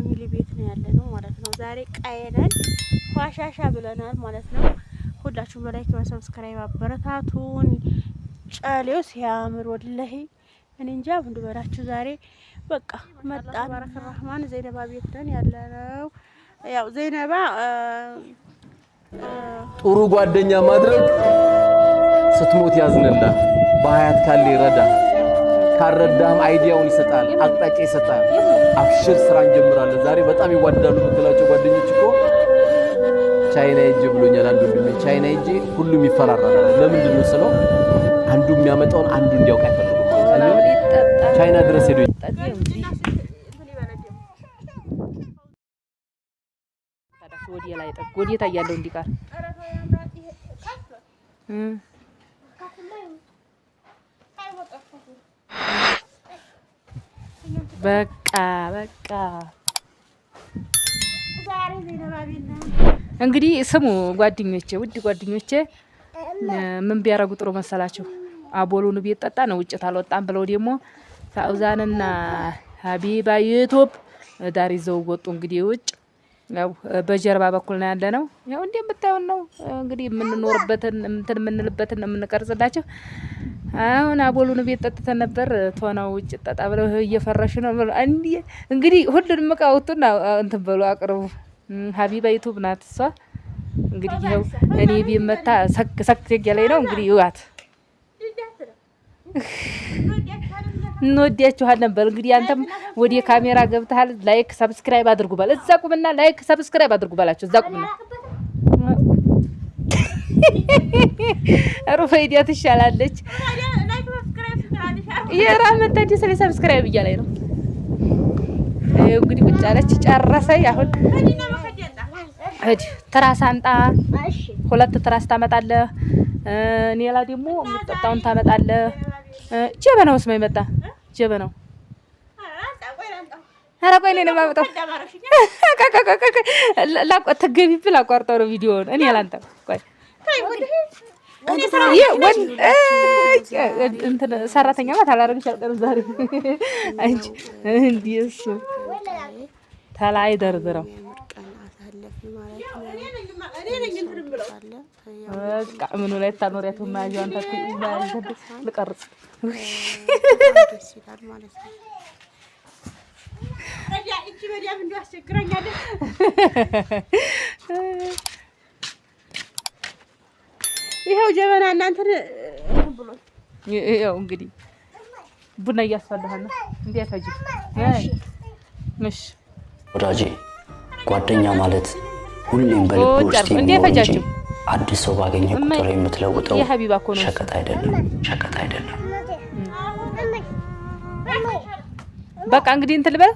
ፋሚሊ ቤት ነው ያለ ነው ማለት ነው። ዛሬ ቀየናል ፏሻሻ ብለናል ማለት ነው። ሁላችሁም በላይክ በሰብስክራይብ አበረታቱን። ጨሌው ሲያምር ወላሂ እኔ እንጃ ምንድ በላችሁ። ዛሬ በቃ መጣ ባረከ ራህማን ዘይነባ ቤት ነን ያለ ነው። ያው ዘይነባ ጥሩ ጓደኛ ማድረግ ስትሞት ያዝንላ በሀያት ካለ ይረዳ ካረዳህም አይዲያውን ይሰጣል፣ አቅጣጫ ይሰጣል። አብሽር ስራ እንጀምራለን። ዛሬ በጣም ይዋዳሉ ምትላቸው ጓደኞች እኮ ቻይና ሂጅ ብሎኛል አንዱ ወንድሜ። ቻይና ሂጅ ሁሉም ይፈራራል። ለምንድን ነው ስለው አንዱ የሚያመጣውን አንዱ እንዲያውቅ አይፈልጉም። ቻይና ድረስ ሄዶ ጎዴ ላይ ጠብ ጎዴ ታያለው እንዲቀር በቃ በቃ እንግዲህ ስሙ ጓደኞቼ፣ ውድ ጓደኞቼ ምን ቢያደርጉ ጥሩ መሰላችሁ? አቦሉን ቤት ጠጣ ነው ውጭት አልወጣም ብለው ደግሞ ሳኡዛንና ሀቢባ ዩቱብ ዳር ይዘው ወጡ። እንግዲህ ውጭ ያው በጀርባ በኩል ነው ያለ ነው። ያው እንደምታዩን ነው እንግዲህ የምንኖርበትን እንትን የምንልበትን የምንቀርጽላቸው። አሁን አቦሉን ቤት ጠጥተን ነበር። ቶና ውጭ ጠጣ ብለው እየፈረሽ ነው እንግዲህ ሁሉንም እቃ አውጡና እንትን በሉ አቅርቡ። ሀቢባ ዩቱብ ናት እሷ። እንግዲህ ይኸው እኔ ቤት መታ ሰክ ሰክ ያለኝ ነው እንግዲህ ይዋት እንወዳችኋለን በል እንግዲህ አንተም ወደ ካሜራ ገብተሃል። ላይክ ሰብስክራይብ አድርጉ በል እዛ ቁምና ላይክ ሰብስክራይብ አድርጉ በላቸው እዛ ቁምና ሩፈይዲያ ትሻላለች። የራመን ታዲያ ስለ ሰብስክራይብ እያ ነው እንግዲህ ቁጭ አለች። ጨረሰኝ አሁን እድ ትራስ አንጣ ሁለት ትራስ ታመጣለህ። ኔላ ደግሞ የምጠጣውን ታመጣለህ። ጀበና ጀበናው ነው ይመጣ ጀበናው ኧረ ቆይ እኔ ነው የማመጣው። ትገቢብን ላቋርጠው ነው ቪዲዮውን እኔ አላንተም። ቆይ ሰራተኛ ማለት አላደረግሽ አልቀርም ዛሬ እንደ እሱ ተላይ ደርድረው በቃ ምኑ ላይ ታኖሪያት ማያዣን ልቀርጽ ይኸው ጀበና እናንተን ይኸው እንግዲህ ቡና እያስፈልሃል ነው እሺ ወዳጄ ጓደኛ ማለት ሁሌም በልብ ውስጥ የሚኖር አዲስ ሰው ባገኘ ቁጥር የምትለውጠው ሸቀጥ አይደለም፣ ሸቀጥ አይደለም። በቃ እንግዲህ እንትን ልበል